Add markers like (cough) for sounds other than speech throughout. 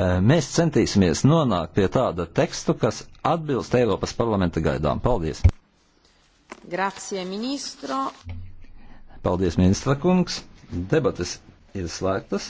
Eh, mēs centīsimies nonākt pie tāda tekstu, kas atbilst Eiropas parlamenta gaidām. Paldies! Grazie, ministro! Paldies, ministra kungs! Debates ir slēgtas.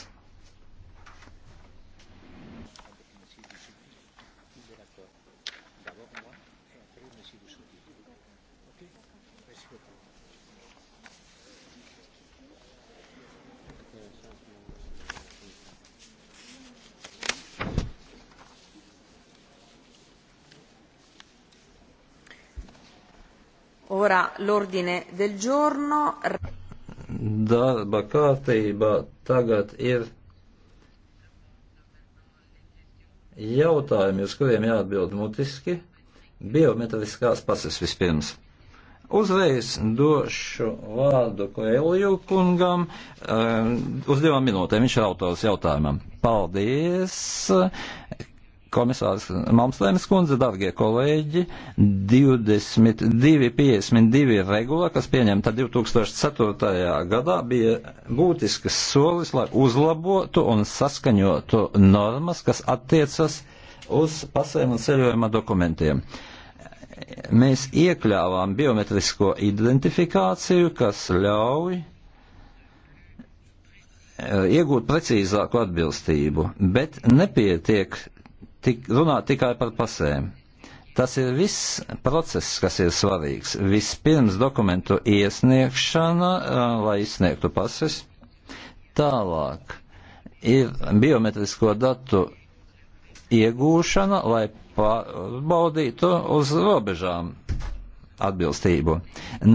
ora l'ordine del giorno. Darba kārtībā tagad ir jautājumi, uz kuriem jāatbild mutiski. Biometriskās pases vispirms. Uzreiz došu vārdu Koeliju kungam um, uz divām minūtēm. Viņš ir autors jautājumam. Paldies! komisārs Malmstrēnas kundze, darbie kolēģi, 2252 regula, kas pieņemta 2004. gadā, bija būtisks solis, lai uzlabotu un saskaņotu normas, kas attiecas uz pasēmu un ceļojuma dokumentiem. Mēs iekļāvām biometrisko identifikāciju, kas ļauj eh, iegūt precīzāku atbilstību, bet nepietiek tik, runāt tikai par pasēm. Tas ir viss process, kas ir svarīgs. Vispirms dokumentu iesniegšana, lai izsniegtu pases. Tālāk ir biometrisko datu iegūšana, lai pārbaudītu uz robežām atbilstību.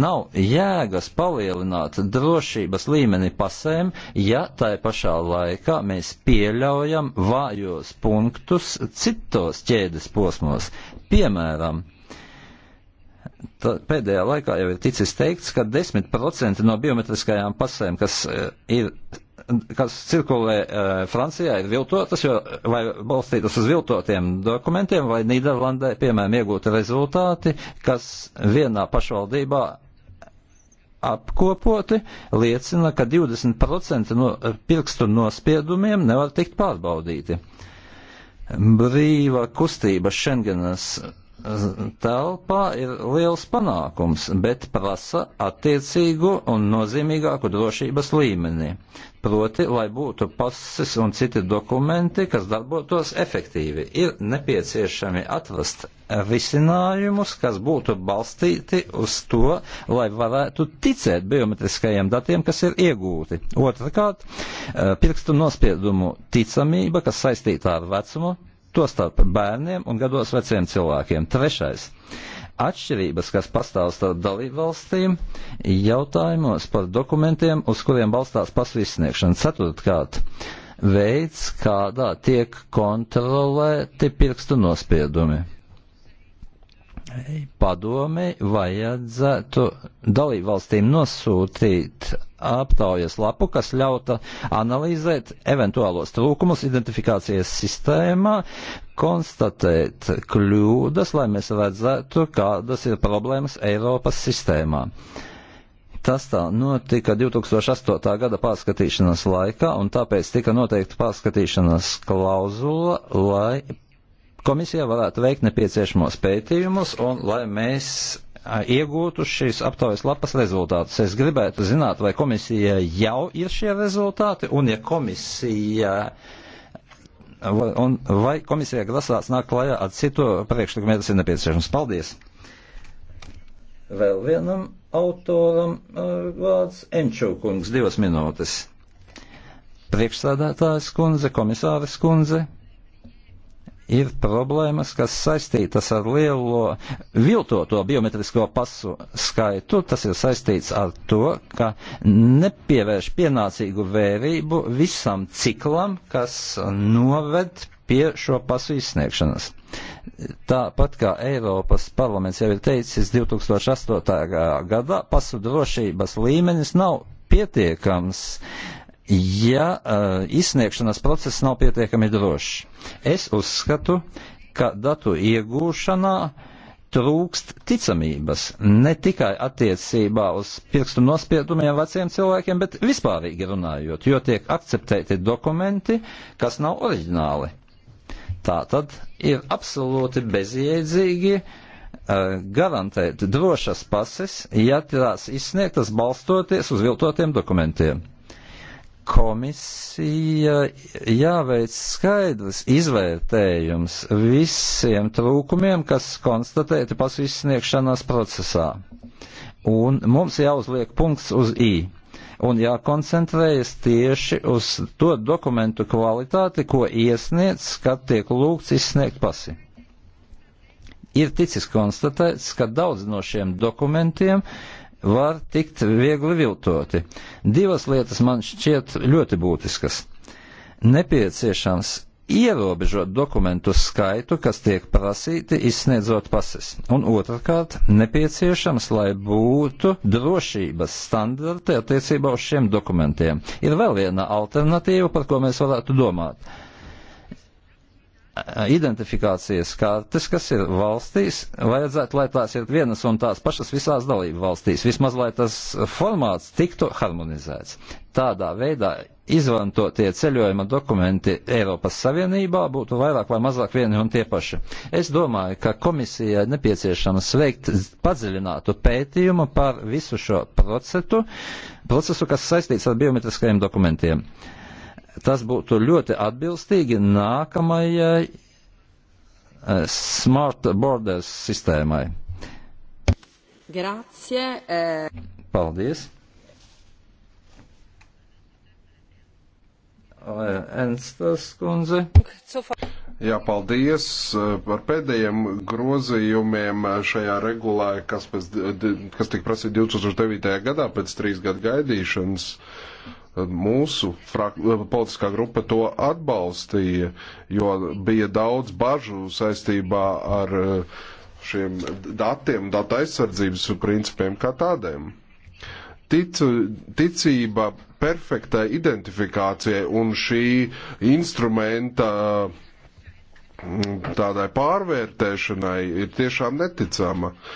Nav jēgas palielināt drošības līmeni pasēm, ja tai pašā laikā mēs pieļaujam vājos punktus citos ķēdes posmos. Piemēram, pēdējā laikā jau ir ticis teikts, ka 10% no biometriskajām pasēm, kas e, ir kas cirkulē e, Francijā, ir viltotas, jo vai balstītas uz viltotiem dokumentiem, vai Nīderlandē, piemēram, iegūti rezultāti, kas vienā pašvaldībā apkopoti liecina, ka 20% no pirkstu nospiedumiem nevar tikt pārbaudīti. Brīva kustība Schengenas telpā ir liels panākums, bet prasa attiecīgu un nozīmīgāku drošības līmeni. Proti, lai būtu pases un citi dokumenti, kas darbotos efektīvi, ir nepieciešami atrast risinājumus, kas būtu balstīti uz to, lai varētu ticēt biometriskajiem datiem, kas ir iegūti. Otrakārt, eh, pirkstu nospiedumu ticamība, kas saistīta ar vecumu, tostarp bērniem un gados veciem cilvēkiem. Trešais atšķirības, kas pastāv starp dalību valstīm, jautājumos par dokumentiem, uz kuriem balstās pasvīsts sniegšana. Ceturtkārt, veids, kādā tiek kontrolēti pirkstu nospiedumi padomei vajadzētu dalībvalstīm nosūtīt aptaujas lapu, kas ļauta analizēt eventuālos trūkumus identifikācijas sistēmā, konstatēt kļūdas, lai mēs redzētu, kādas ir problēmas Eiropas sistēmā. Tas tā notika 2008. gada pārskatīšanas laikā, un tāpēc tika noteikta pārskatīšanas klauzula, lai komisija varētu veikt nepieciešamos pētījumus un lai mēs iegūtu šīs aptaujas lapas rezultātus. Es gribētu zināt, vai komisija jau ir šie rezultāti, un ja komisija. Un vai komisija grasās nāk klajā ar citu priekšlikumu, ja tas ir nepieciešams? Paldies! Vēl vienam autoram vārds Enčūkungs, divas minūtes. Priekšsādātājs kundze, komisāris kundze, ir problēmas, kas saistītas ar lielo viltoto biometrisko pasu skaitu. Tas ir saistīts ar to, ka nepievērš pienācīgu vērību visam ciklam, kas noved pie šo pasu izsniegšanas. Tāpat kā Eiropas parlaments jau ir teicis 2008. gadā, pasu drošības līmenis nav pietiekams ja uh, izsniegšanas process nav pietiekami drošs. Es uzskatu, ka datu iegūšanā trūkst ticamības ne tikai attiecībā uz pirkstu nospiedumiem veciem cilvēkiem, bet vispārīgi runājot, jo tiek akceptēti dokumenti, kas nav oriģināli. Tā tad ir absolūti bezjēdzīgi uh, garantēt drošas pases, ja tās izsniegtas balstoties uz viltotiem dokumentiem komisija jāveic skaidrs izvērtējums visiem trūkumiem, kas konstatēti pasvisniegšanās procesā. Un mums jāuzliek punkts uz i. Un jākoncentrējas tieši uz to dokumentu kvalitāti, ko iesniedz, kad tiek lūgts izsniegt pasi. Ir ticis konstatēts, ka daudz no šiem dokumentiem uh, var tikt viegli viltoti. Divas lietas man šķiet ļoti būtiskas. Nepieciešams ierobežot dokumentu skaitu, kas tiek prasīti izsniedzot pases. Un otrkārt, nepieciešams, lai būtu drošības standarti attiecībā uz šiem dokumentiem. Ir vēl viena alternatīva, par ko mēs varētu domāt identifikācijas kartes, kas ir valstīs, vajadzētu, lai tās ir vienas un tās pašas visās dalību valstīs, vismaz lai tas formāts tiktu harmonizēts. Tādā veidā izmantotie ceļojuma dokumenti Eiropas Savienībā būtu vairāk vai mazāk vieni un tie paši. Es domāju, ka komisijai nepieciešams veikt padziļinātu pētījumu par visu šo procesu, procesu kas saistīts ar biometriskajiem dokumentiem. Tas būtu ļoti atbilstīgi nākamajai Smart Borders sistēmai. Grazie. Eh. Paldies. Enstas kundze. Jā, paldies eh, par pēdējiem grozījumiem eh, šajā regulā, kas, pēc, kas tika prasīta 2009. gadā pēc trīs gadu gaidīšanas mūsu frak, eh, politiskā grupa to atbalstīja, jo bija daudz bažu saistībā ar eh, šiem datiem, data aizsardzības principiem kā tādiem. Tic, ticība perfektai identifikācijai un šī instrumenta mm, tādai pārvērtēšanai ir tiešām neticama. Uh,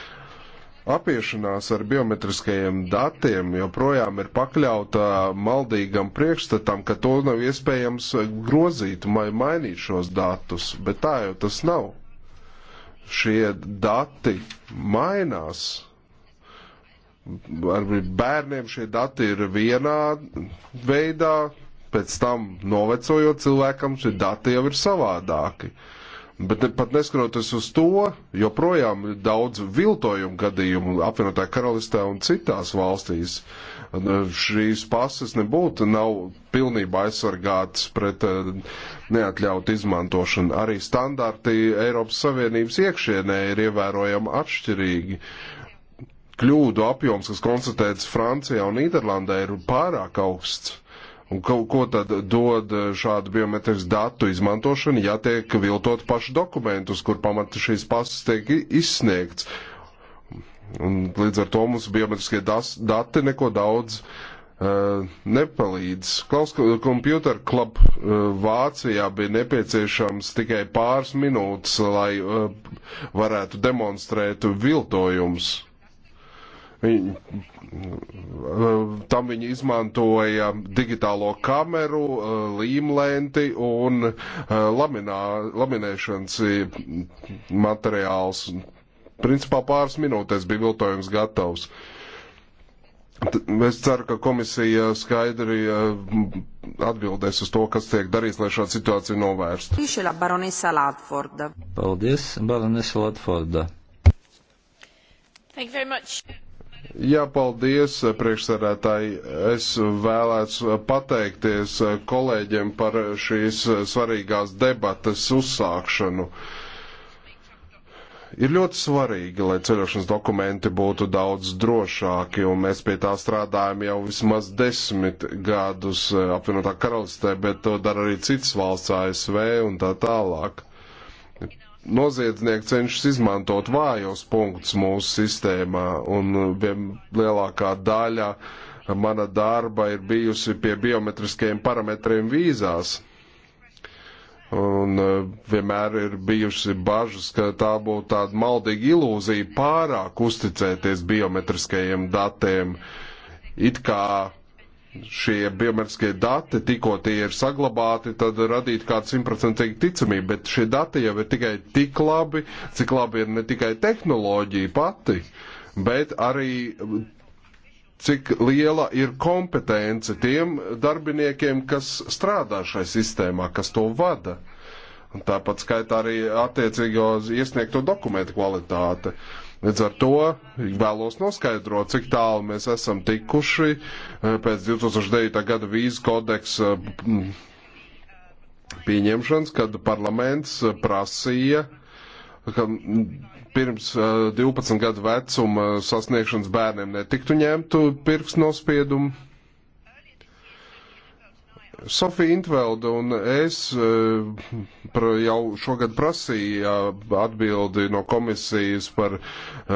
apiešanās ar biometriskajiem datiem joprojām ir pakļauta maldīgam priekšstatam, ka to nav iespējams grozīt vai mainīt šos datus, bet tā jau tas nav. Šie dati mainās. Ar bērniem šie dati ir vienā veidā, pēc tam novecojot cilvēkam šie dati jau ir savādāki. Uh, Bet pat neskroties uz to, joprojām ir daudz viltojumu gadījumu apvienotā karalistē un citās valstīs. Eh, šīs pases nebūtu nav pilnībā aizsargātas pret eh, neatļautu izmantošanu. Arī standarti Eiropas Savienības iekšienē ir ievērojami atšķirīgi. Kļūdu apjoms, kas konstatēts Francijā un Nīderlandē, ir pārāk augsts Un ko, ko tad dod eh, šādu biometrisku datu izmantošana, ja tiek viltot paši dokumentus, kur pamata šīs pasas tiek izsniegts? Un līdz ar to mums biometriskie das, dati neko daudz uh, nepalīdz. Klaus Computer Club uh, Vācijā bija nepieciešams tikai pāris minūtes, lai uh, varētu demonstrēt viltojums. Viņi, eh, tam viņi izmantoja digitālo kameru, eh, līmlenti un eh, laminā, laminēšanas materiāls. Principā pāris minūtēs bija viltojums gatavs. Es ceru, ka komisija skaidri atbildēs uz to, kas tiek darīts, lai šāda situācija novērstu. Paldies, Baronesa Latforda. Jā, paldies, priekšsarētāji. Es vēlēts pateikties kolēģiem par šīs svarīgās debates uzsākšanu. Ir ļoti svarīgi, lai ceļošanas dokumenti būtu daudz drošāki, un mēs pie tā strādājam jau vismaz desmit gadus apvienotā karalistē, bet to dara arī citas valsts ASV un tā tālāk noziedznieki cenšas izmantot vājos punktus mūsu sistēmā, un vien lielākā daļa mana darba ir bijusi pie biometriskajiem parametriem vīzās. Un vienmēr ir bijušas bažas, ka tā būtu tāda maldīga ilūzija pārāk uzticēties biometriskajiem datiem. It kā šie biometriskie dati, tikko tie ir saglabāti, tad radītu kādu simtprocentīgu ticamību, bet šie dati jau ir tikai tik labi, cik labi ir ne tikai tehnoloģija pati, bet arī cik liela ir kompetence tiem darbiniekiem, kas strādā šai sistēmā, kas to vada. Un tāpat skaitā arī attiecīgo iesniegto dokumentu kvalitāte. Uh, Līdz ar to vēlos noskaidrot, cik tālu mēs esam tikuši eh, pēc 2009. gada vīzu kodeksa eh, pieņemšanas, kad parlaments eh, prasīja ka pirms 12 gadu vecuma sasniegšanas bērniem netiktu ņemtu pirksnospiedumu. Sofija Intvelda un es eh, pra, jau šogad prasīja atbildi no komisijas par uh,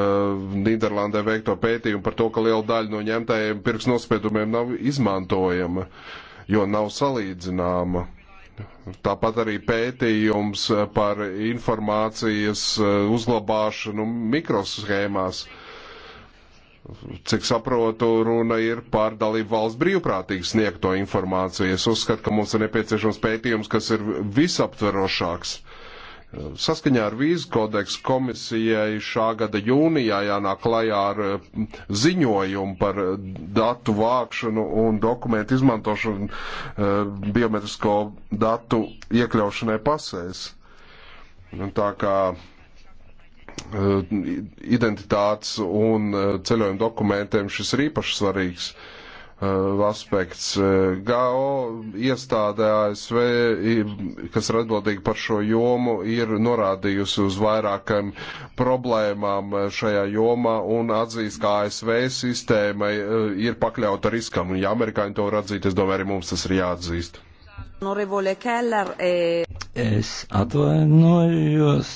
Nīderlandē veikto pētījumu par to, ka liela daļa no ņemtajiem pirks nospiedumiem nav izmantojama, jo nav salīdzināma. Tāpat arī pētījums par informācijas eh, uzglabāšanu mikroshēmās. Uh, Cik saprotu, runa ir par dalību valsts brīvprātīgi sniegto informāciju. Es uzskatu, ka mums ir nepieciešams pētījums, kas ir visaptverošāks. Saskaņā ar vīzu kodeksu komisijai šā gada jūnijā jānāk klajā ar eh, ziņojumu par eh, datu vākšanu un dokumentu izmantošanu eh, biometrisko datu iekļaušanai pasēs. Un tā kā Eh, identitātes un eh, ceļojuma dokumentiem šis ir īpaši svarīgs eh, aspekts. GAO iestāde ASV, kas ir atbildīga par šo jomu, ir norādījusi uz vairākam problēmām šajā jomā un atzīst, ka ASV sistēma ir pakļauta riskam. Ja amerikāņi to var atzīt, es domāju, arī mums tas ir jāatzīst. Es atvainojos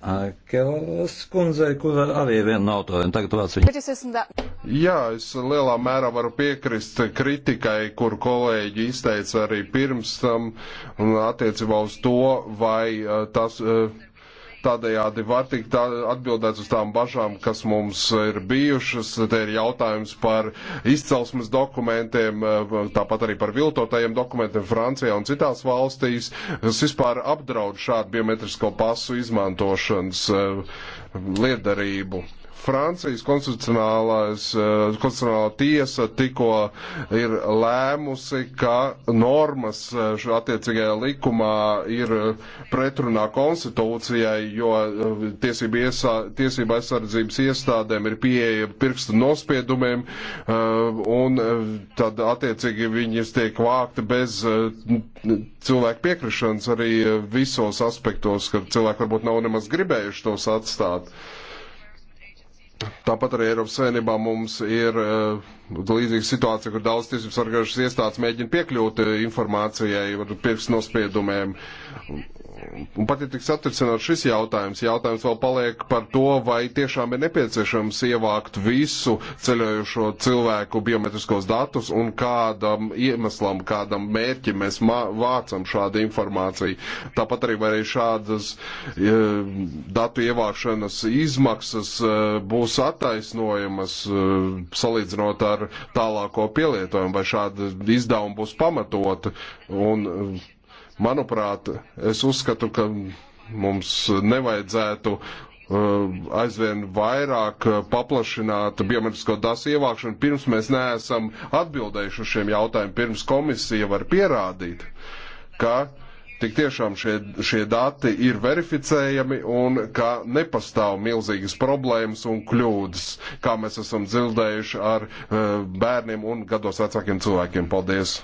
Akelas kundzei, kur arī viena no autoriem, tagad vārds viņa. Jā, es lielā mērā varu piekrist kritikai, kur kolēģi izteica arī pirms tam attiecībā uz to, vai eh, tas. Uh, Tādējādi var tikt atbildēts uz tām bažām, kas mums ir bijušas. Te ir jautājums par izcelsmes dokumentiem, tāpat arī par viltotajiem dokumentiem Francijā un citās valstīs, kas vispār apdraud šādu biometrisko pasu izmantošanas eh, liederību. Francijas eh, konstitucionālā tiesa tikko ir lēmusi, ka normas eh, attiecīgajā likumā ir pretrunā konstitūcijai, jo eh, tiesība, iesā, tiesība aizsardzības iestādēm ir pieeja pirkstu nospiedumiem, un tad attiecīgi viņas tiek vākta bez cilvēku piekrišanas arī visos aspektos, kad cilvēki varbūt nav nemaz gribējuši tos atstāt. Uh, Tāpat arī Eiropas Savienībā mums ir uh, līdzīga situācija, kur daudz tiesības sargājušas iestādes mēģina piekļūt eh, informācijai, pirkstu nospiedumiem. Uh, un pat ja tiks atrisināt šis jautājums, jautājums vēl paliek par to, vai tiešām ir nepieciešams ievākt visu ceļojošo cilvēku biometriskos datus un kādam iemeslam, kādam mērķim mēs vācam šādu informāciju. Tāpat arī vai arī šādas e, datu ievākšanas izmaksas e, būs attaisnojamas e, salīdzinot ar tālāko pielietojumu, vai šāda izdevuma būs pamatota. Un, e, Manuprāt, es uzskatu, ka mums nevajadzētu uh, aizvien vairāk uh, paplašināt biometrisko dasu ievākšanu, pirms mēs neesam atbildējuši uz šiem jautājumiem, pirms komisija var pierādīt, ka tik tiešām šie, šie dati ir verificējami un ka nepastāv milzīgas problēmas un kļūdas, kā mēs esam dzirdējuši ar uh, bērniem un gados vecākiem cilvēkiem. Paldies!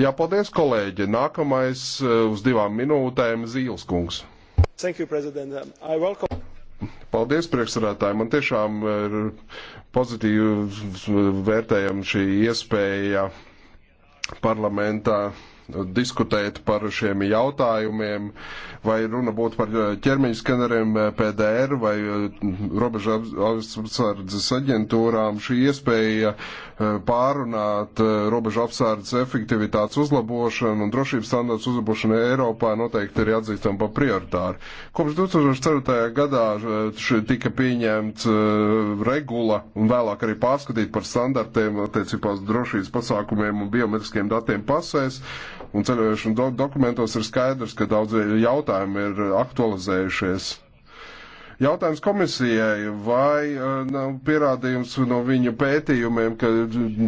Jā, paldies, kolēģi. Nākamais eh, uz divām minūtēm Zīles kungs. Thank you, President. Uh, I welcome. Paldies, priekšsarētāji. Man tiešām ir pozitīvi vērtējama šī iespēja parlamentā diskutēt par šiem jautājumiem, vai runa būtu par eh, ķermeņa skaneriem eh, PDR vai eh, robežu apsardzes aģentūrām. Šī iespēja pārunāt robežu apsardzes efektivitātes uzlabošanu un drošības standarts uzlabošanu Eiropā noteikti ir atzīstama par prioritāru. Kopš 2004. gadā tika pieņemts regula un vēlāk arī pārskatīt par standartiem attiecībā uz drošības pasākumiem un biometriskiem datiem pasēs. Un ceļojošana do dokumentos ir skaidrs, ka daudz jautājumu ir aktualizējušies. Jautājums komisijai, vai e, nav pierādījums no viņu pētījumiem, ka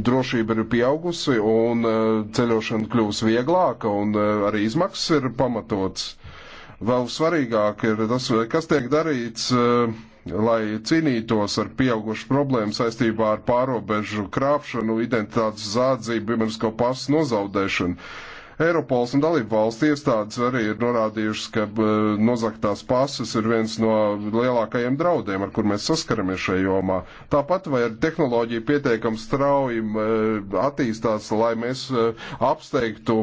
drošība ir pieaugusi un e, ceļošana kļūs vieglāka un e, arī izmaksas ir pamatots. Vēl svarīgāk ir tas, kas tiek darīts, lai cīnītos ar pieaugušu problēmu saistībā ar pārobežu krāpšanu, identitātes zādzību, piemēram, pasu nozaudēšanu Eiropols un dalību valsts iestādes arī ir norādījušas, ka eh, nozaktās pasas ir viens no lielākajiem draudiem, ar kur mēs saskaramies šajā jomā. Tāpat vai ar tehnoloģiju pietiekam strauji eh, attīstās, lai mēs eh, apsteigtu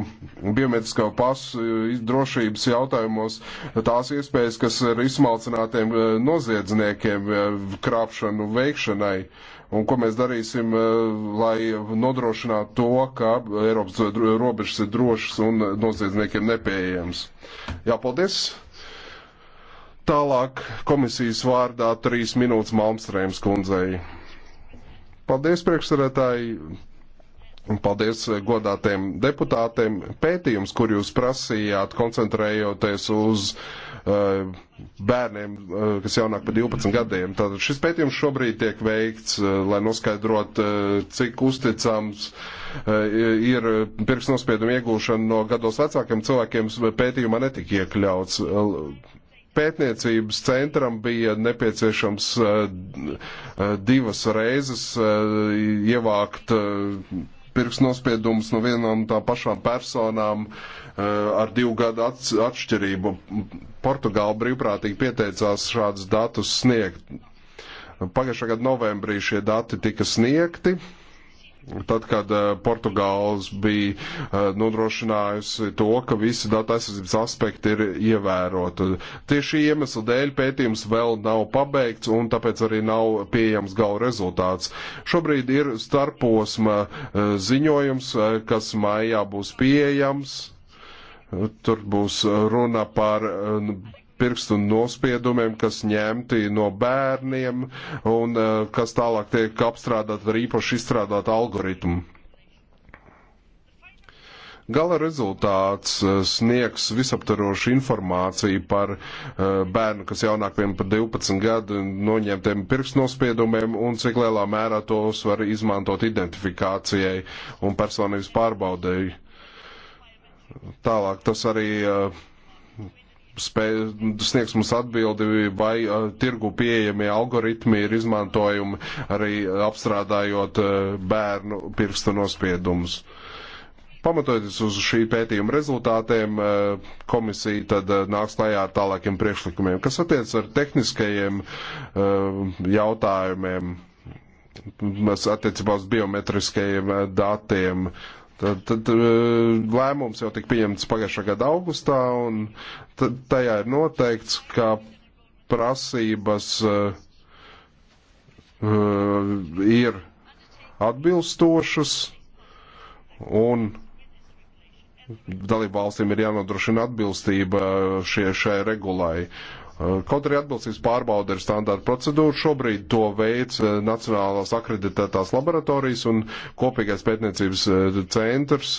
biometrisko pasu drošības jautājumos tās iespējas, kas ir izsmalcinātiem noziedzniekiem krāpšanu veikšanai. Un ko mēs darīsim, eh, lai nodrošinātu to, ka Eiropas robežas ir drošas un noziedzniekiem nepieejams? Jā, paldies! Tālāk komisijas vārdā trīs minūtes Malmstrēms kundzei. Paldies, priekšsarētāji! Un paldies godātiem deputātiem. Pētījums, kur jūs prasījāt, koncentrējoties uz uh, Eh, bērniem, eh, kas jaunāk par 12 gadiem. Tātad šis pētījums šobrīd tiek veikts, eh, lai noskaidrot, cik uzticams ir pirksnospiedumu iegūšana no gados vecākiem cilvēkiem pētījumā netika iekļauts. Pētniecības centram bija nepieciešams divas reizes ievākt pirksnospiedumus no vienām tā pašām personām eh, ar divu gadu atšķirību. Portugāla brīvprātīgi pieteicās šādus datus sniegt. Pagājušā gada novembrī šie dati tika sniegti tad, kad eh, Portugāls bija eh, nodrošinājusi to, ka visi datu aizsardzības aspekti ir ievēroti. Tieši iemesla dēļ pētījums vēl nav pabeigts un tāpēc arī nav pieejams gala rezultāts. Šobrīd ir starposma eh, ziņojums, kas maijā būs pieejams. Tur būs runa par pirkstu nospiedumiem, kas ņemti no bērniem un eh, kas tālāk tiek apstrādāt ar īpaši izstrādātu algoritmu. Gala rezultāts eh, sniegs visaptarošu informāciju par eh, bērnu, kas jaunākiem par 12 gadu noņemtiem pirkstnospiedumiem un cik lielā mērā tos var izmantot identifikācijai un personības pārbaudēji. Tālāk tas arī uh, spēj, sniegs mums atbildi, vai uh, tirgu pieejamie algoritmi ir izmantojumi arī apstrādājot uh, bērnu pirkstu nospiedumus. Pamatojoties uz šī pētījuma rezultātiem, uh, komisija tad uh, nāks klajā ar tālākiem priekšlikumiem, kas attiec ar tehniskajiem uh, jautājumiem, attiecībā uz biometriskajiem datiem. Uh, Tad, tad eh, lēmums jau tika pieņemts pagājušā gada augustā, un tad, tajā ir noteikts, ka prasības uh, ir atbilstošas, un dalību valstīm ir jānodrošina atbilstība šie, šai regulai. Uh, Eh, kaut arī atbilstības pārbauda ir standārta procedūra, šobrīd to veic eh, Nacionālās akreditētās laboratorijas un kopīgais pētniecības eh, centrs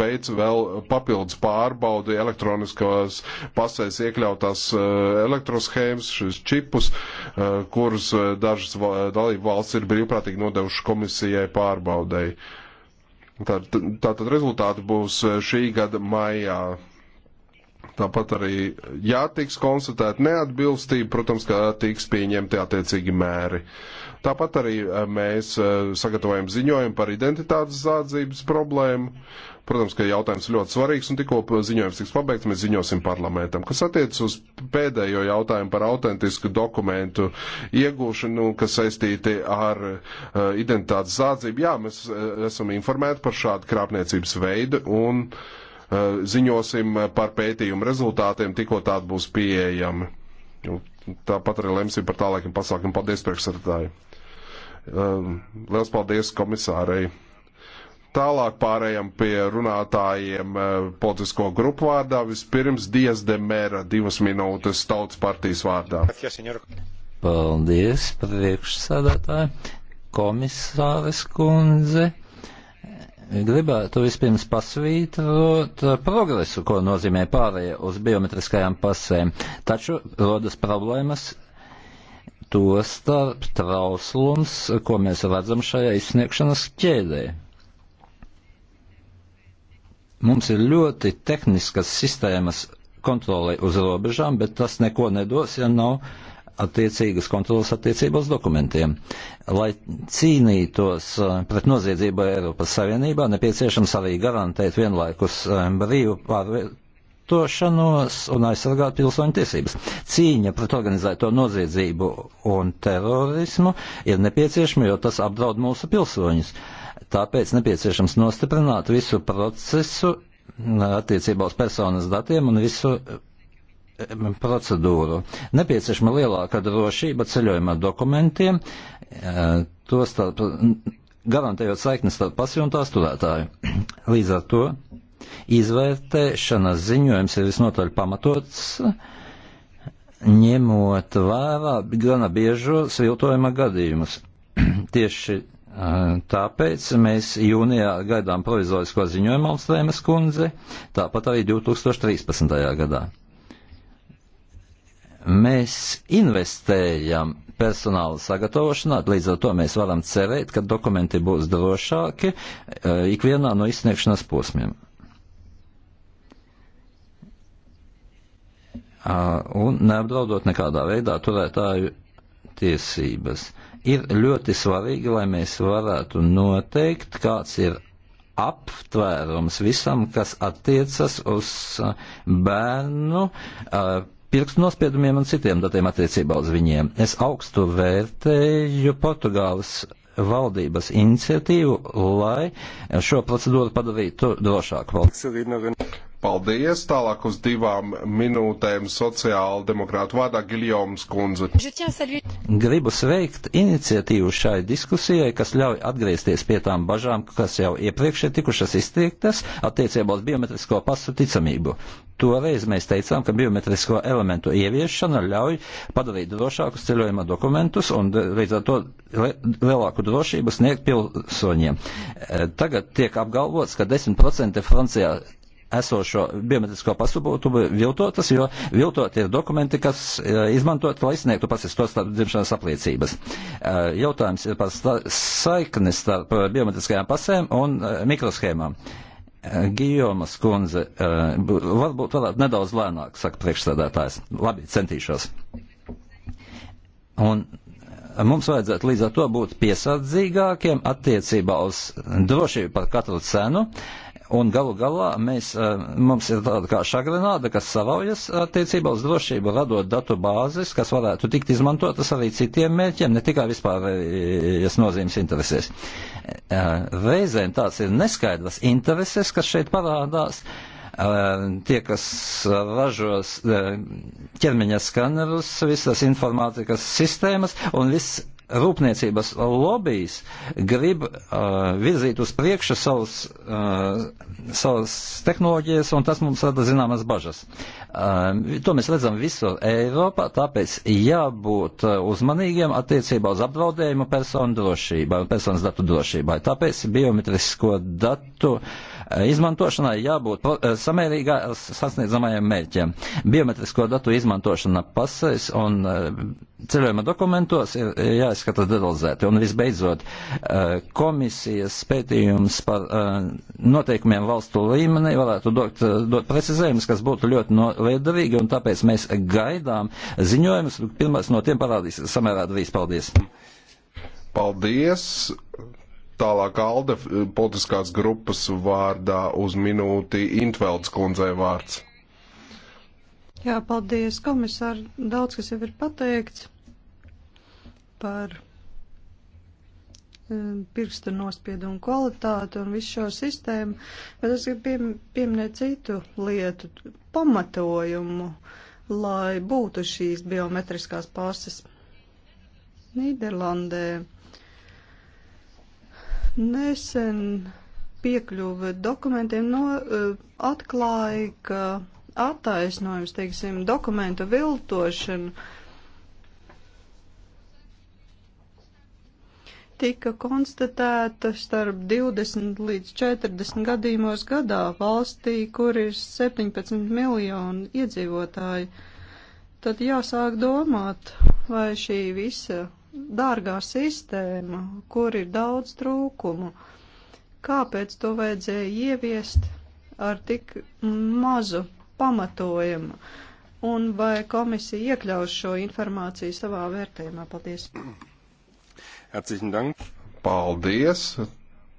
veic vēl papildus pārbaudi elektroniskās pasēs iekļautās elektroshēmas, šis čipus, kurus dažas dalību valsts ir brīvprātīgi nodevuši komisijai pārbaudēji. Tātad rezultāti būs šī gada maijā. Tāpat arī, ja tiks konstatēta neatbilstība, protams, ka tiks pieņemti attiecīgi mēri. Tāpat arī eh, mēs eh, sagatavojam ziņojumu par identitātes zādzības problēmu. Protams, ka jautājums ļoti svarīgs un tikko ziņojums tiks pabeigts, mēs ziņosim parlamentam. Kas attiecas uz pēdējo jautājumu par autentisku dokumentu iegūšanu, kas saistīti ar uh, identitātes zādzību, jā, mēs uh, esam informēti par šādu krāpniecības veidu un uh, Eh, ziņosim eh, par pētījumu rezultātiem, tikko tādi būs pieejami. Nu, tāpat arī lemsim par tālākiem pasākumiem. Paldies, priekšsēdētāji! Eh, liels paldies komisārei! Tālāk pārējām pie runātājiem politisko grupu vārdā. Vispirms Dievs Demēra divas minūtes tautas partijas vārdā. Paldies, priekšsādātāji, komisāres kundze. Gribētu vispirms pasvītrot progresu, ko nozīmē pārējie uz biometriskajām pasēm, taču rodas problēmas to starp trauslums, ko mēs redzam šajā izsniegšanas ķēdē. Mums ir ļoti tehniskas sistēmas kontrolē uz robežām, bet tas neko nedos, ja nav attiecīgas kontrolas attiecībā uz dokumentiem. Lai cīnītos eh, pret noziedzību Eiropas Savienībā, nepieciešams arī garantēt vienlaikus eh, brīvu pārvietošanos izmantošanos un aizsargāt pilsoņu tiesības. Cīņa pret organizēto noziedzību un terorismu ir nepieciešama, jo tas apdraud mūsu pilsoņus. Tāpēc nepieciešams nostiprināt visu procesu attiecībā uz personas datiem un visu procedūru. Nepieciešama lielāka drošība ceļojuma dokumentiem, e, to starp, garantējot saiknes starp pasīvu un tās turētāju. (clears throat) Līdz ar to izvērtēšanas ziņojums ir visnotaļ pamatots, ņemot vērā gana biežo sviltojuma gadījumus. (clears throat) Tieši e, Tāpēc mēs jūnijā gaidām provizorisko ziņojumu Alstrēmas kundze, tāpat arī 2013. gadā. Mēs investējam personāla sagatavošanā, līdz ar to mēs varam cerēt, ka dokumenti būs drošāki e, ikvienā no izsniegšanas posmiem. Un neapdraudot nekādā veidā turētāju tiesības. Ir ļoti svarīgi, lai mēs varētu noteikt, kāds ir aptvērums visam, kas attiecas uz bērnu pirkstu nospiedumiem un citiem datiem attiecībā uz viņiem. Es augstu vērtēju Portugāles valdības iniciatīvu, lai šo procedūru padarītu drošāku. Paldies! Tālāk uz divām minūtēm sociāla demokrāta vārdā Giljoms kundze. Gribu sveikt iniciatīvu šai diskusijai, kas ļauj atgriezties pie tām bažām, kas jau iepriekš ir tikušas izteiktas attiecībā uz biometrisko pasu ticamību. Toreiz mēs teicām, ka biometrisko elementu ieviešana ļauj padarīt drošākus ceļojuma dokumentus un līdz ar to lielāku drošību sniegt pilsoņiem. E, tagad tiek apgalvots, ka 10% Francijā esošo biometrisko pasūtu viltotas, jo viltot ir dokumenti, kas e, izmantot, lai sniegtu pasistos starp dzimšanas apliecības. E, jautājums ir par saikni starp biometriskajām pasēm un e, mikroshēmām. Gijomas kundze, varbūt varētu nedaudz lēnāk, saka priekšsēdētājs. Labi, centīšos. Un mums vajadzētu līdz ar to būt piesardzīgākiem attiecībā uz drošību par katru cenu. Uh, Un galu galā mēs, mums ir tāda kā šagrenāda, kas savaujas attiecībā uz drošību, radot datu bāzes, kas varētu tikt izmantotas arī citiem mērķiem, ne tikai vispārējas nozīmes interesēs. Reizēm tās ir neskaidras intereses, kas šeit parādās tie, kas ražos ķermeņa skanerus, visas informātikas sistēmas un viss rūpniecības lobijs grib uh, virzīt uz priekšu savus, uh, savus tehnoloģijas, un tas mums rada zināmas bažas. Uh, to mēs redzam visur Eiropā, tāpēc jābūt uh, uzmanīgiem attiecībā uz apdraudējumu personu drošībai, personas datu drošībai. Tāpēc biometrisko datu uh, Eh, izmantošanai jābūt eh, samērīgā sasniedzamajiem mērķiem. Biometrisko datu izmantošana pasēs un eh, ceļojuma dokumentos ir jāizskata detalizēti. Un visbeidzot, komisijas pētījums par noteikumiem valstu līmenī varētu dot, dot precizējumus, kas būtu ļoti no, liederīgi, un tāpēc mēs gaidām ziņojumus. Pirmais no tiem parādīs samērā drīz. Paldies! Paldies! Tālāk Alde eh, politiskās grupas vārdā uz minūti Intvelds kundzei vārds. Jā, paldies, komisār. Daudz, kas jau ir pateikts par eh, pirksta nospiedumu kvalitāti un visu šo sistēmu, bet es gribu piem pieminēt citu lietu pamatojumu, lai būtu šīs biometriskās pases. Nīderlandē Nesen piekļuve dokumentiem no, nu, eh, atklāja, ka attaisnojums, teiksim, dokumentu viltošanu tika konstatēta starp 20 līdz 40 gadījumos gadā valstī, kur ir 17 miljoni iedzīvotāji. Tad jāsāk domāt, vai šī visa dārgā sistēma, kur ir daudz trūkumu. Kāpēc to vajadzēja ieviest ar tik mazu pamatojumu? Un vai komisija iekļaus šo informāciju savā vērtējumā? Paldies! Herzlichen Dank! Paldies!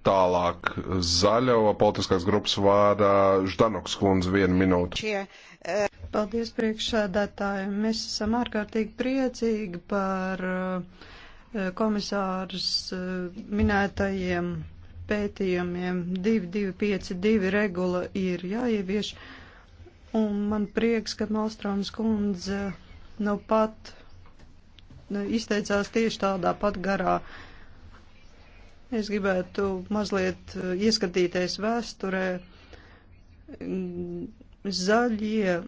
Tālāk zaļo politiskās grupas vārdā Ždanoks kundze vienu minūtu. Šie, uh... Paldies priekšsēdētājiem. Mēs esam ārkārtīgi priecīgi par eh, komisārs eh, minētajiem pētījumiem. 2252 regula ir jāievieš. Un man prieks, ka Malstrāns kundze nu pat nu, izteicās tieši tādā pat garā. Es gribētu mazliet eh, ieskatīties vēsturē. Zaļie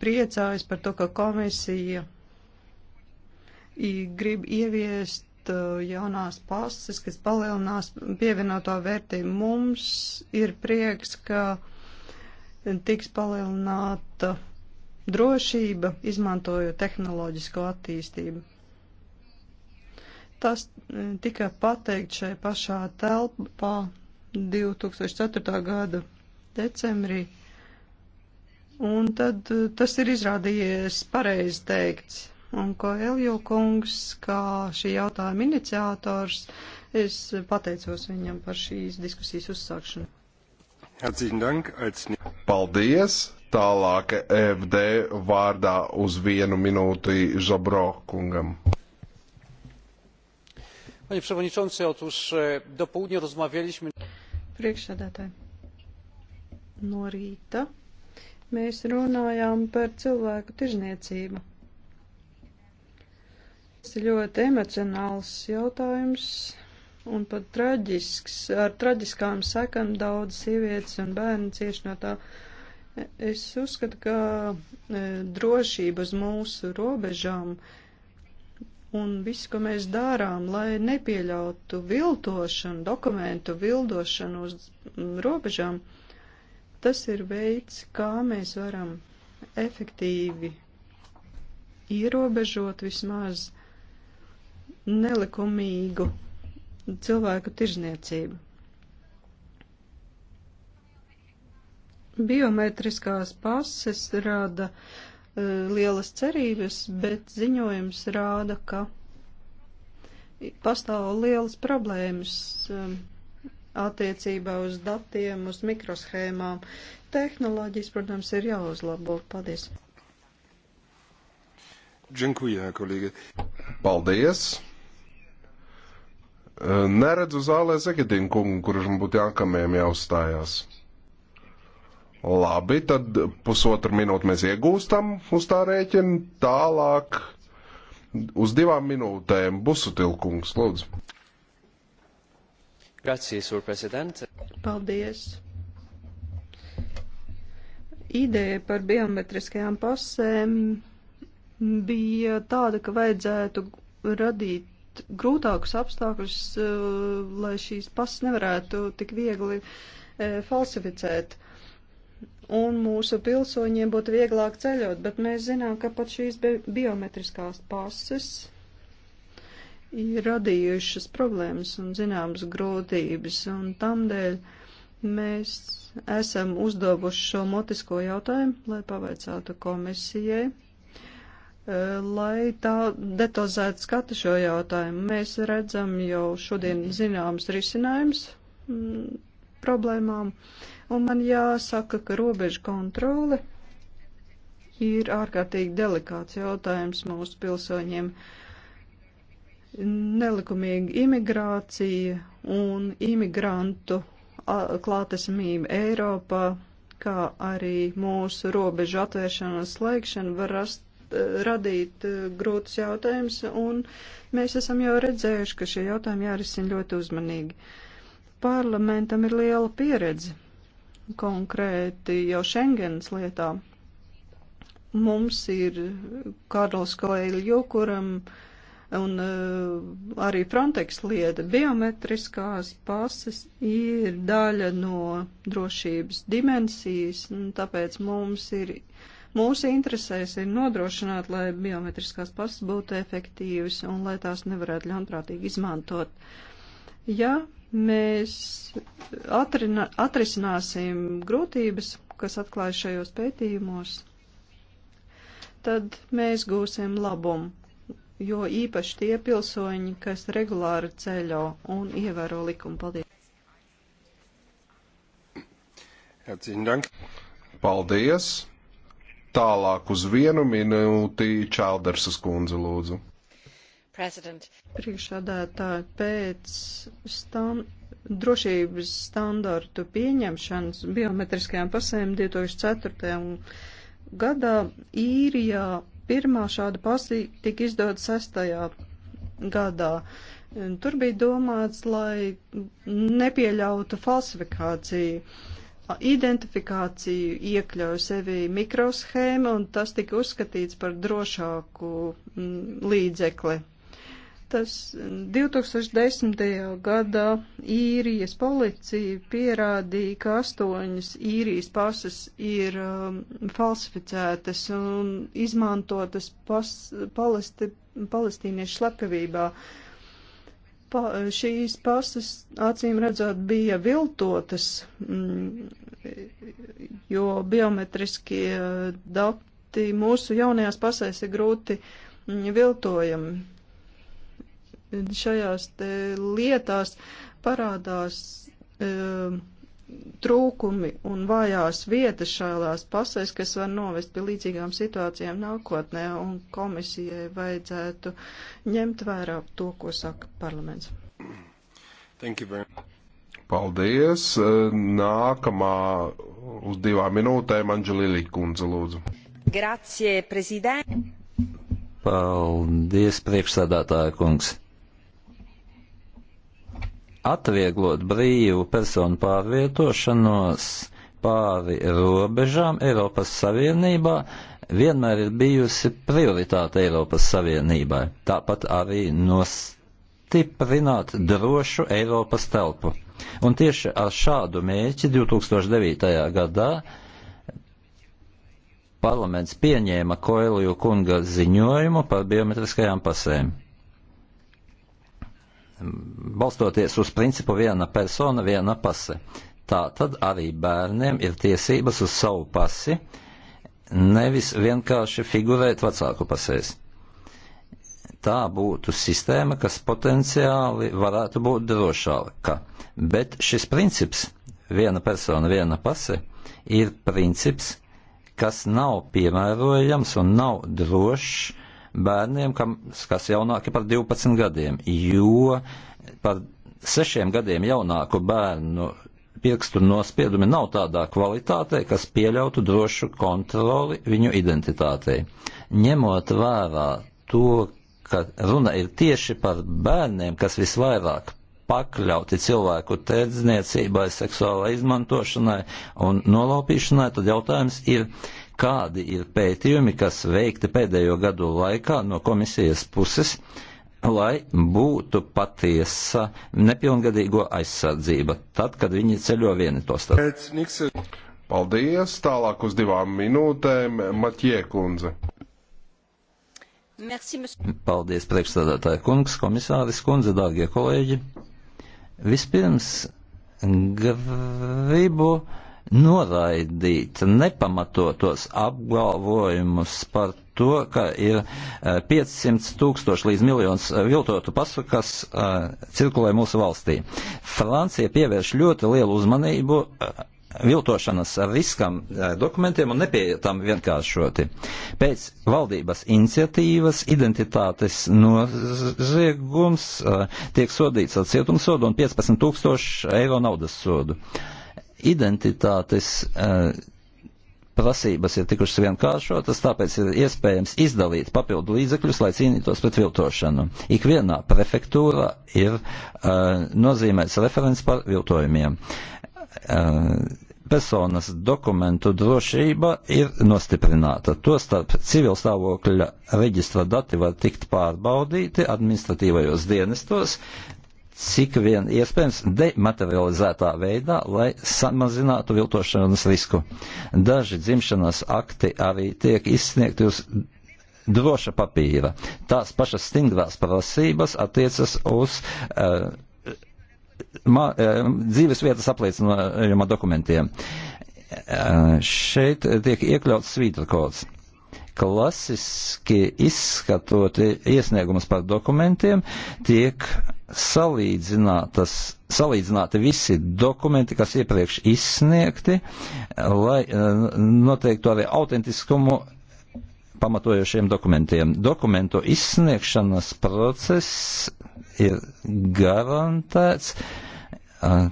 priecājas par to, ka komisija grib ieviest uh, jaunās pases, kas palielinās pievienoto vērtību. Mums ir prieks, ka tiks palielināta drošība, izmantojot tehnoloģisko attīstību. Tas e, tika pateikt šai pašā telpā 2004. gada decembrī Un tad eh, tas ir izrādījies pareizi teikts. Un ko Eljo kungs, kā šī jautājuma iniciators, es pateicos viņam par šīs diskusijas uzsākšanu. Paldies! Tālāk FD vārdā uz vienu minūti Žabro kungam. Panie przewodniczący, otóż e, do południa rozmawialiśmy. Priekšsēdētāji, no rīta mēs runājām par cilvēku tirzniecību. Tas ir ļoti emocionāls jautājums un pat traģisks, ar traģiskām sekām daudz sievietes un bērni cieši no tā. Es uzskatu, ka e, drošība uz mūsu robežām un viss, ko mēs dārām, lai nepieļautu viltošanu, dokumentu vildošanu uz robežām, e, Tas ir veids, kā mēs varam efektīvi ierobežot vismaz nelikumīgu cilvēku tirzniecību. Biometriskās pases rada uh, lielas cerības, bet ziņojums rāda, ka pastāv lielas problēmas. Um, attiecībā uz datiem, uz mikroshēmām. Tehnoloģijas, protams, ir jāuzlabo. Paldies! Džinkuja, kolēģi. Paldies! Neredzu zālē Zegedinu kungu, kurš man būtu jākamiem jāuzstājās. Labi, tad pusotru minūtu mēs iegūstam uz tā rēķina. Tālāk uz divām minūtēm busu tilkums, lūdzu. Grazie, Sur President. Paldies. Ideja par biometriskajām pasēm bija tāda, ka vajadzētu radīt grūtākus apstākļus, eh, lai šīs pasas nevarētu tik viegli eh, falsificēt. Un mūsu pilsoņiem būtu vieglāk ceļot, bet mēs zinām, ka pat šīs biometriskās pases ir radījušas problēmas un zināmas grūtības, un tamdēļ mēs esam uzdevuši šo motisko jautājumu, lai pavaicātu komisijai, eh, lai tā detalizētu skatu šo jautājumu. Mēs redzam jau šodien zināmas risinājums m, mm, problēmām, un man jāsaka, ka robežu kontrole ir ārkārtīgi delikāts jautājums mūsu pilsoņiem. Uh, nelikumīga imigrācija un imigrantu klātesamība Eiropā, kā arī mūsu robežu atvēršana un slēgšana var rast, e, radīt e, grūtus jautājumus, un mēs esam jau redzējuši, ka šie jautājumi jārisina ļoti uzmanīgi. Parlamentam ir liela pieredze konkrēti jau Schengens lietā. Mums ir Kārlis Kalēļu, kuram uh, un uh, arī Frontex lieta. Biometriskās pases ir daļa no drošības dimensijas, un tāpēc mums ir, mūsu interesēs ir nodrošināt, lai biometriskās pases būtu efektīvas un lai tās nevarētu ļaunprātīgi izmantot. Ja mēs atrina, atrisināsim grūtības, kas atklājas šajos pētījumos, tad mēs gūsim labumu jo īpaši tie pilsoņi, kas regulāri ceļo un ievēro likumu. Paldies! Paldies! Tālāk uz vienu minūti Čaldersas kundze lūdzu. Priekšādātāji pēc stan drošības standartu pieņemšanas biometriskajām pasēm 2004. gadā īrijā Pirmā šāda pasī tika izdota sestajā gadā. Tur bija domāts, lai nepieļautu falsifikāciju, identifikāciju iekļauju sevi mikroshēma, un tas tika uzskatīts par drošāku mm, līdzekli Tas 2010. gadā īrijas policija pierādīja, ka astoņas īrijas pasas ir um, falsificētas un izmantotas pas, palesti, palestīniešu slepkavībā. Pa, šīs pasas acīm redzot bija viltotas, mm, jo biometriskie uh, dati mūsu jaunajās pasēs ir grūti mm, viltojami šajās lietās parādās um, trūkumi un vājās vietas šādās pasēs, kas var novest pie līdzīgām situācijām nākotnē, un komisijai vajadzētu ņemt vērā to, ko saka parlaments. Paldies. E, nākamā uz divām minūtēm Anģelīli Kundze, lūdzu. Grazie, prezident. Paldies, priekšsādātāja kungs atvieglot brīvu personu pārvietošanos pāri robežām Eiropas Savienībā vienmēr ir bijusi prioritāte Eiropas Savienībai. Tāpat arī nostiprināt drošu Eiropas telpu. Un tieši ar šādu mērķi 2009. gadā parlaments pieņēma Koeliju kunga ziņojumu par biometriskajām pasēm balstoties uz principu viena persona, viena pase. Tā tad arī bērniem ir tiesības uz savu pasi, nevis vienkārši figurēt vecāku pasēs. Tā būtu sistēma, kas potenciāli varētu būt drošāka, bet šis princips viena persona, viena pase ir princips, kas nav piemērojams un nav drošs bērniem, kam, kas jaunāki par 12 gadiem, jo par 6 gadiem jaunāku bērnu pirkstu nospiedumi nav tādā kvalitātē, kas pieļautu drošu kontroli viņu identitātei. Ņemot vērā to, ka runa ir tieši par bērniem, kas visvairāk pakļauti cilvēku tirdzniecībai, seksuālai izmantošanai un nolaupīšanai, tad jautājums ir, kādi ir pētījumi, kas veikti pēdējo gadu laikā no komisijas puses, lai būtu patiesa nepilngadīgo aizsardzība, tad, kad viņi ceļo vieni to starp. Paldies! Tālāk uz divām minūtēm Maķie kundze. Merci, Paldies, priekšstādātāja kungs, komisāris kundze, dārgie kolēģi. Vispirms gribu noraidīt nepamatotos apgalvojumus par to, ka ir 500 e, tūkstoši līdz miljonus e, viltotu pasu, kas uh, cirkulē mūsu valstī. Francija pievērš ļoti lielu uzmanību uh, viltošanas riskam dokumentiem un nepietam vienkāršoti. Pēc valdības iniciatīvas identitātes noziegums tiek sodīts ar cietumsodu un 15 tūkstošu eiro naudas sodu. Uh, identitātes eh, prasības ir tikušas vienkāršotas, tāpēc ir iespējams izdalīt papildu līdzekļus, lai cīnītos pret viltošanu. Ikvienā prefektūrā ir uh, nozīmēts referents par viltojumiem. Uh, personas dokumentu drošība ir nostiprināta. Tostarp civil stāvokļa reģistra dati var tikt pārbaudīti administratīvajos dienestos, cik vien iespējams dematerializētā veidā, lai samazinātu viltošanas risku. Daži dzimšanas akti arī tiek izsniegti uz droša papīra. Tās pašas stingrās prasības attiecas uz uh, ma, uh, dzīves vietas apliecinājuma dokumentiem. Uh, šeit tiek iekļauts svītrakods. Klasiski izskatot iesniegumus par dokumentiem, tiek salīdzināti visi dokumenti, kas iepriekš izsniegti, lai eh, noteiktu arī autentiskumu pamatojošiem dokumentiem. Dokumentu izsniegšanas process ir garantēts eh,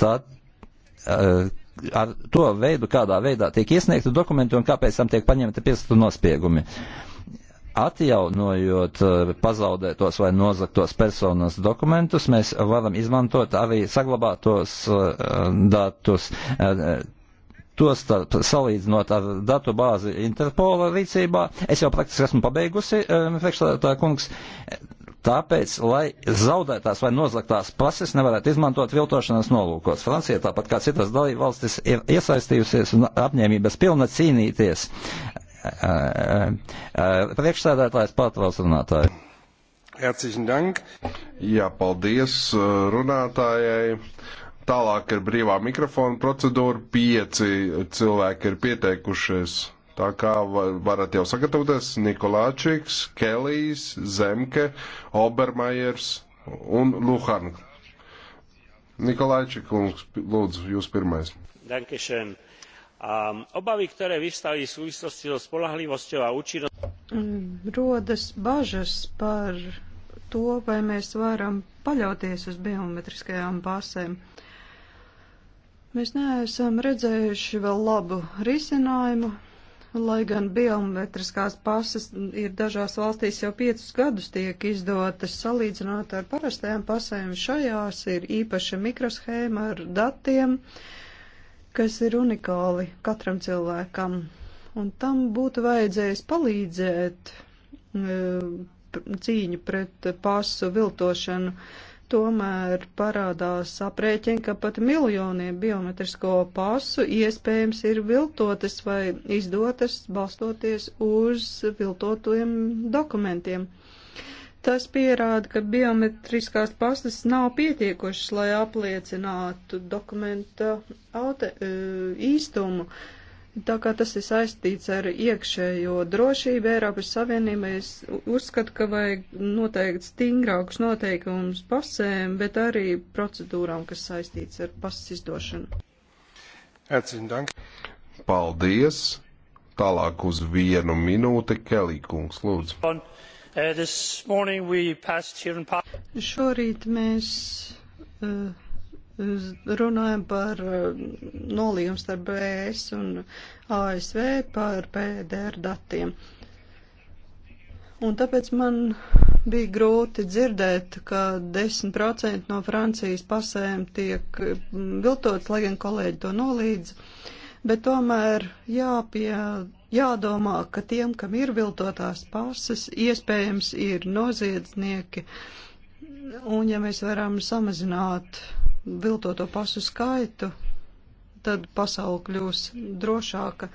tad, eh, ar to veidu, kādā veidā tiek iesniegti dokumenti un kāpēc tam tiek paņemti pirkstu nospiegumi. Uh, Atjaunojot eh, pazaudētos vai nozaktos personas dokumentus, mēs varam izmantot arī saglabātos eh, datus eh, tostarp salīdzinot ar datu bāzi Interpola rīcībā, es jau praktiski esmu pabeigusi, priekšstādā kungs, tāpēc, lai zaudētās vai nozlaktās pases nevarētu izmantot viltošanas nolūkos. Francija, tāpat kā citas dalībvalstis, ir iesaistījusies un apņēmības pilna cīnīties Priekšsēdētājs pārtrauc runātāju. Herzlichen Dank. Jā, paldies runātājai. Tālāk ir brīvā mikrofona procedūra. Pieci cilvēki ir pieteikušies. Tā kā varat jau sagatavoties Nikolāčiks, Kelijs, Zemke, Obermajers un Luhan. Nikolāčikungs, lūdzu, jūs pirmais. Dankišēn. Um, obavy ktoré vyvstali v súvislosti so spoľahlivosťou a účinnosťou mm, rodas bažas par to, vai mēs varam paļauties uz biometriskajām pasēm. Mēs neesam redzējuši vēl labu risinājumu, lai gan biometriskās pases ir dažās valstīs jau piecus gadus tiek izdotas salīdzinot ar parastajām pasēm. Šajās ir īpaša mikroshēma ar datiem. Uh, kas ir unikāli katram cilvēkam, un tam būtu vajadzējis palīdzēt e, cīņu pret pasu viltošanu. Tomēr parādās aprēķini, ka pat miljoniem biometrisko pasu iespējams ir viltotas vai izdotas balstoties uz viltotajiem dokumentiem. Uh, Tas pierāda, ka biometriskās pastas nav pietiekošas, lai apliecinātu dokumenta aute, e, īstumu. Tā kā tas ir saistīts ar iekšējo drošību Eiropas Savienībā, es uzskatu, ka vajag noteikti stingrākus noteikumus pasēm, bet arī procedūrām, kas saistīts ar pasas izdošanu. Paldies! Tālāk uz vienu minūti Kelī kungs, lūdzu. Un... Uh, this morning we passed here in Šorīt mēs uh, runājam par uh, nolīgumu starp BS un ASV par PDR datiem. Un tāpēc man bija grūti dzirdēt, ka 10% no Francijas pasēm tiek mm, viltots, lai gan kolēģi to nolīdz. Bet tomēr jāpie jādomā, ka tiem, kam ir viltotās pases, iespējams ir noziedznieki, un ja mēs varam samazināt viltoto pasu skaitu, tad pasauli kļūs drošāka.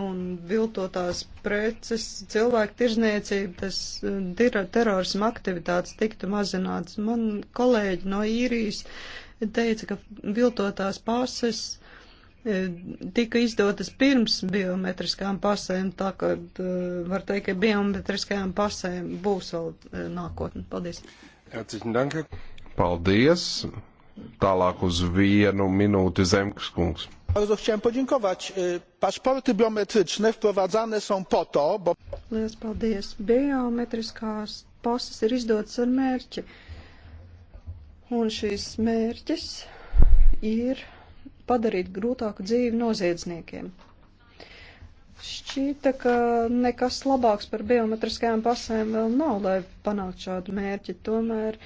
Un viltotās preces, cilvēku tirzniecība, tas eh, terorisma aktivitātes tiktu mazināts. Man kolēģi no īrijas teica, ka viltotās pases uh, E, tika izdotas pirms biometriskajām pasēm, tā ka e, var teikt, ka biometriskajām pasēm būs vēl e, nākotne. Paldies! Paldies! Tālāk uz vienu minūti Zemkskungs. Bardzo chciałem podziękować. Paszporty biometryczne wprowadzane są po to, bo... Liels paldies. Biometriskās pases ir izdotas ar mērķi. Un šis mērķis ir padarīt grūtāku dzīvi noziedzniekiem. Šķīta, ka nekas labāks par biometriskajām pasēm vēl nav, lai panāktu šādu mērķi. Tomēr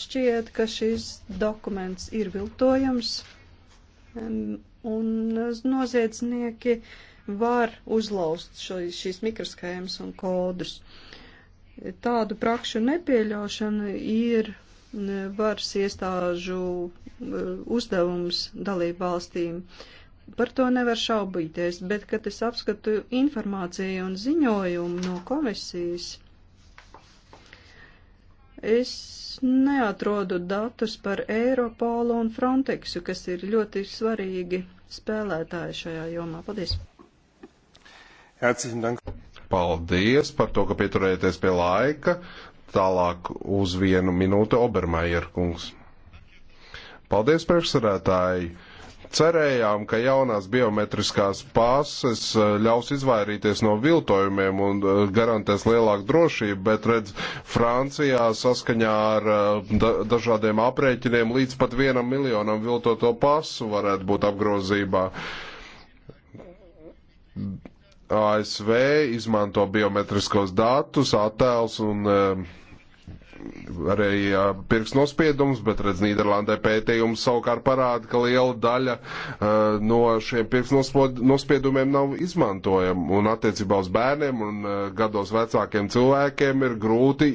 šķiet, ka šis dokuments ir viltojams un noziedznieki var uzlaust šo, šīs mikroskēmas un kodus. Tādu prakšu nepieļaušana ir varas iestāžu eh, uzdevums dalību valstīm. Par to nevar šaubīties, bet, kad es apskatu informāciju un ziņojumu no komisijas, es neatrodu datus par Eiropolu un Frontexu, kas ir ļoti svarīgi spēlētāji šajā jomā. Paldies! Herzlichen Dank! Paldies par to, ka pieturēties pie laika. Tālāk uz vienu minūti Obermajer kungs. Paldies, priekšsarētāji! Cerējām, ka jaunās biometriskās pases eh, ļaus izvairīties no viltojumiem un eh, garantēs lielāku drošību, bet redz, Francijā saskaņā ar eh, dažādiem aprēķiniem līdz pat vienam miljonam viltoto pasu varētu būt apgrozībā ASV izmanto biometriskos datus, attēls un eh, varēja pirks nospiedums, bet redz Nīderlandē pētījums savukārt parāda, ka liela daļa uh, no šiem pirks nospiedumiem nav izmantojama. Un attiecībā uz bērniem un uh, gados vecākiem cilvēkiem ir grūti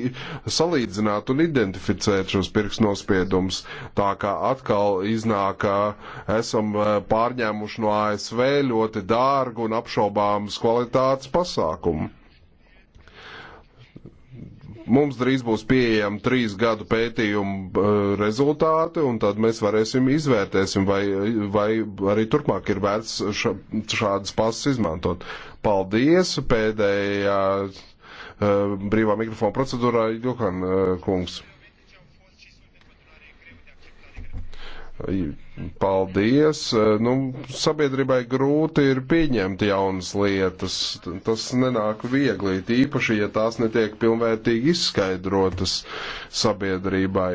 salīdzināt un identificēt šos pirks nospiedumus. Tā kā atkal iznāk, ka esam uh, pārņēmuši no ASV ļoti dārgu un apšaubāmas kvalitātes pasākumu. Mums drīz būs pieejami trīs gadu pētījumu eh, rezultāti, un tad mēs varēsim izvērtēsim, vai, vai arī turpmāk ir vērts šādas pasas izmantot. Paldies! Pēdējā eh, brīvā mikrofona procedūrā Johan eh, kungs. Paldies. Nu, sabiedrībai grūti ir pieņemt jaunas lietas. Tas nenāk viegli, īpaši, ja tās netiek pilnvērtīgi izskaidrotas sabiedrībai.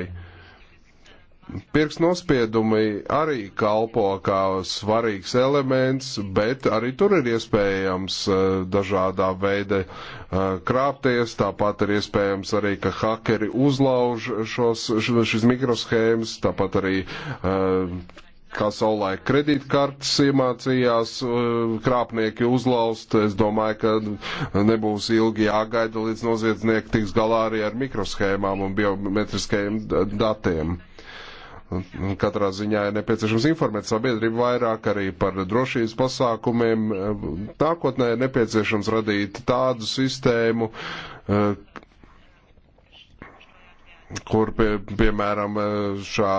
Pirks nospiedumi arī kalpo kā svarīgs elements, bet arī tur ir iespējams eh, dažādā veida eh, krāpties. Tāpat ir iespējams arī, ka hakeri uzlauž šos, šis mikroshēmas, tāpat arī eh, kā saulēk kredītkartes iemācījās krāpnieki uzlaust. Es domāju, ka nebūs ilgi jāgaida, līdz noziedznieki tiks galā arī ar mikroshēmām un biometriskajiem datiem. Katrā ziņā ir nepieciešams informēt sabiedrību vairāk arī par drošības pasākumiem. Nākotnē ir nepieciešams radīt tādu sistēmu, eh, kur, pie, piemēram, eh, šā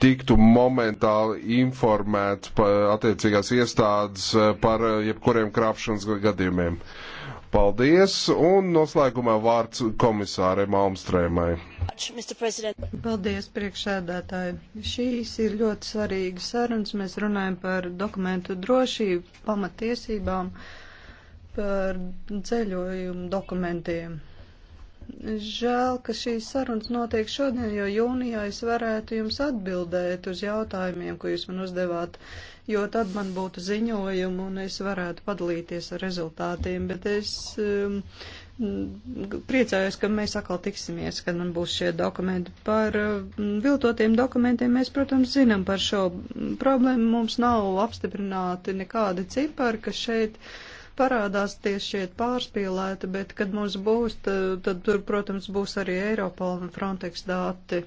tiktu momentāli informēts attiecīgās iestādes eh, par jebkuriem krāpšanas gadījumiem. Uh, Paldies, un noslēgumā vārds komisārai Malmstrēmai. Paldies, priekšsēdētāji. Šīs ir ļoti svarīgas sarunas. Mēs runājam par dokumentu drošību, pamatiesībām, par ceļojumu dokumentiem. Žēl, ka šīs sarunas notiek šodien, jo jūnijā es varētu jums atbildēt uz jautājumiem, ko jūs man uzdevāt. Uh, jo tad man būtu ziņojumi un es varētu padalīties ar rezultātiem, bet es um, priecājos, ka mēs atkal tiksimies, kad man būs šie dokumenti. Par um, viltotiem dokumentiem mēs, protams, zinām par šo problēmu. Mums nav apstiprināti nekādi cipari, ka šeit parādās tieši šeit pārspīlēti, bet kad mums būs, tad, tad tur, protams, būs arī Eiropa un Frontex dati.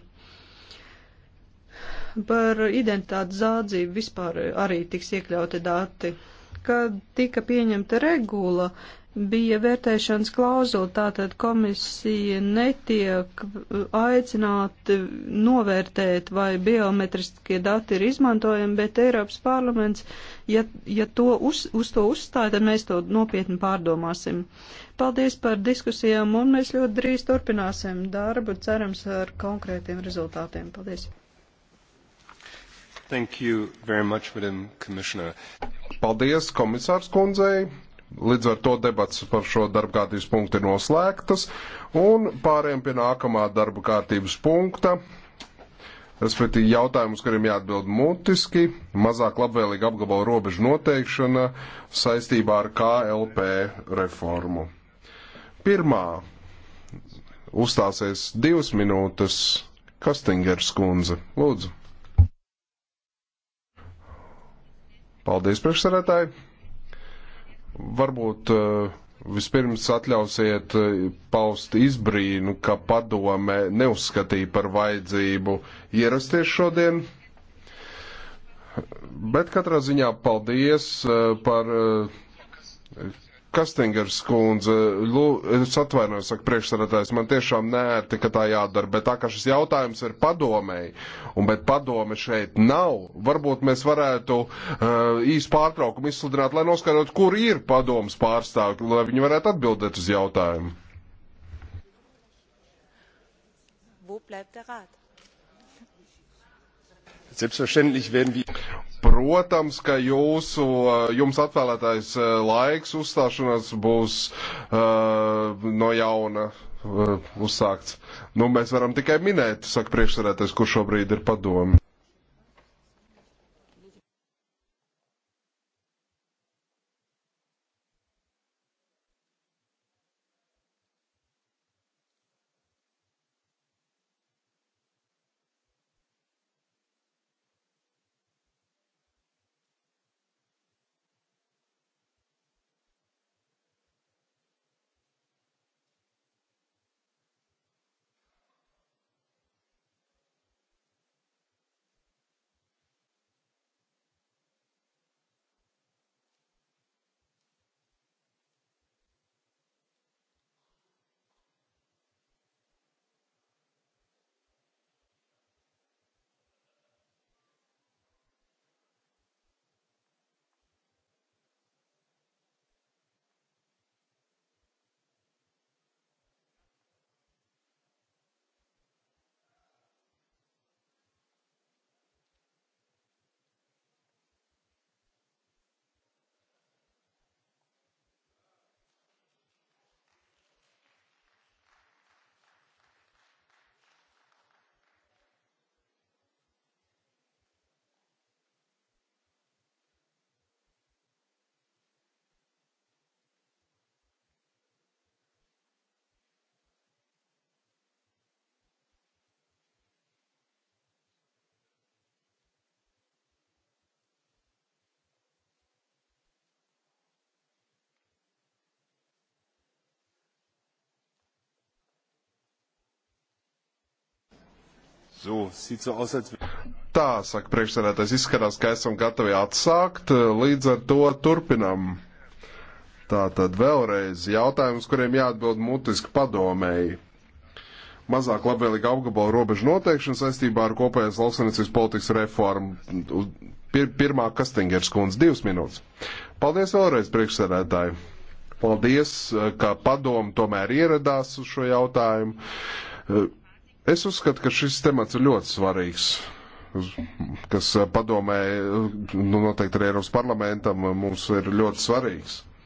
Par identitātes zādzību vispār arī tiks iekļauti dati. Kad tika pieņemta regula, bija vērtēšanas klauzula, tātad komisija netiek aicināti novērtēt, vai biometriskie dati ir izmantojami, bet Eiropas parlaments, ja, ja to uz, uz to uzstāja, tad mēs to nopietni pārdomāsim. Paldies par diskusijām, un mēs ļoti drīz turpināsim darbu, cerams, ar konkrētiem rezultātiem. Paldies! Thank you very much, Madam Commissioner. Paldies komisārs kundzei. Līdz ar to debats par šo darba kārtības punktu ir noslēgtas un pārējām pie nākamā darba kārtības punkta. Respektīvi jautājumus, kuriem jāatbild mutiski, mazāk labvēlīga apgabala robežu noteikšana saistībā ar KLP reformu. Pirmā uzstāsies divas minūtes Kastingers kundze. Lūdzu. Paldies, priekšsarētāji. Varbūt eh, vispirms atļausiet eh, paust izbrīnu, ka padome neuzskatīja par vajadzību ierasties šodien. Bet katrā ziņā paldies eh, par Kastingers kundze, es atvainojos, saka priekšsarātājs, man tiešām nērti, ka tā jādara, bet tā kā šis jautājums ir padomēji, un bet padome šeit nav, varbūt mēs varētu uh, īs pārtraukumu izsludināt, lai noskatot, kur ir padomas pārstāvji, lai viņi varētu atbildēt uz jautājumu. Wo bleibt der Rat? Selbstverständlich werden wir. Protams, ka jūsu, eh, jums atvēlētais eh, laiks uzstāšanās būs uh, no jauna uh, uzsākts. Nu, mēs varam tikai minēt, saka priekšsarētais, kur šobrīd ir padomi. So, sieht so aus, als Tā, saka priekšsēdētājs, izskatās, ka esam gatavi atsākt, līdz ar to turpinam. Tā tad vēlreiz jautājums, kuriem jāatbild mutiski padomēji. Mazāk labvēlīga apgabala robežu noteikšana saistībā ar kopējās lauksaimniecības politikas reformu. Pir pirmā Kastingers kundze, divas minūtes. Paldies vēlreiz priekšsēdētāji. Paldies, ka padomu tomēr ieradās uz šo jautājumu Es uzskatu, ka šis temats ir ļoti svarīgs, kas eh, padomē, eh, nu noteikti arī Eiropas parlamentam eh, mums ir ļoti svarīgs.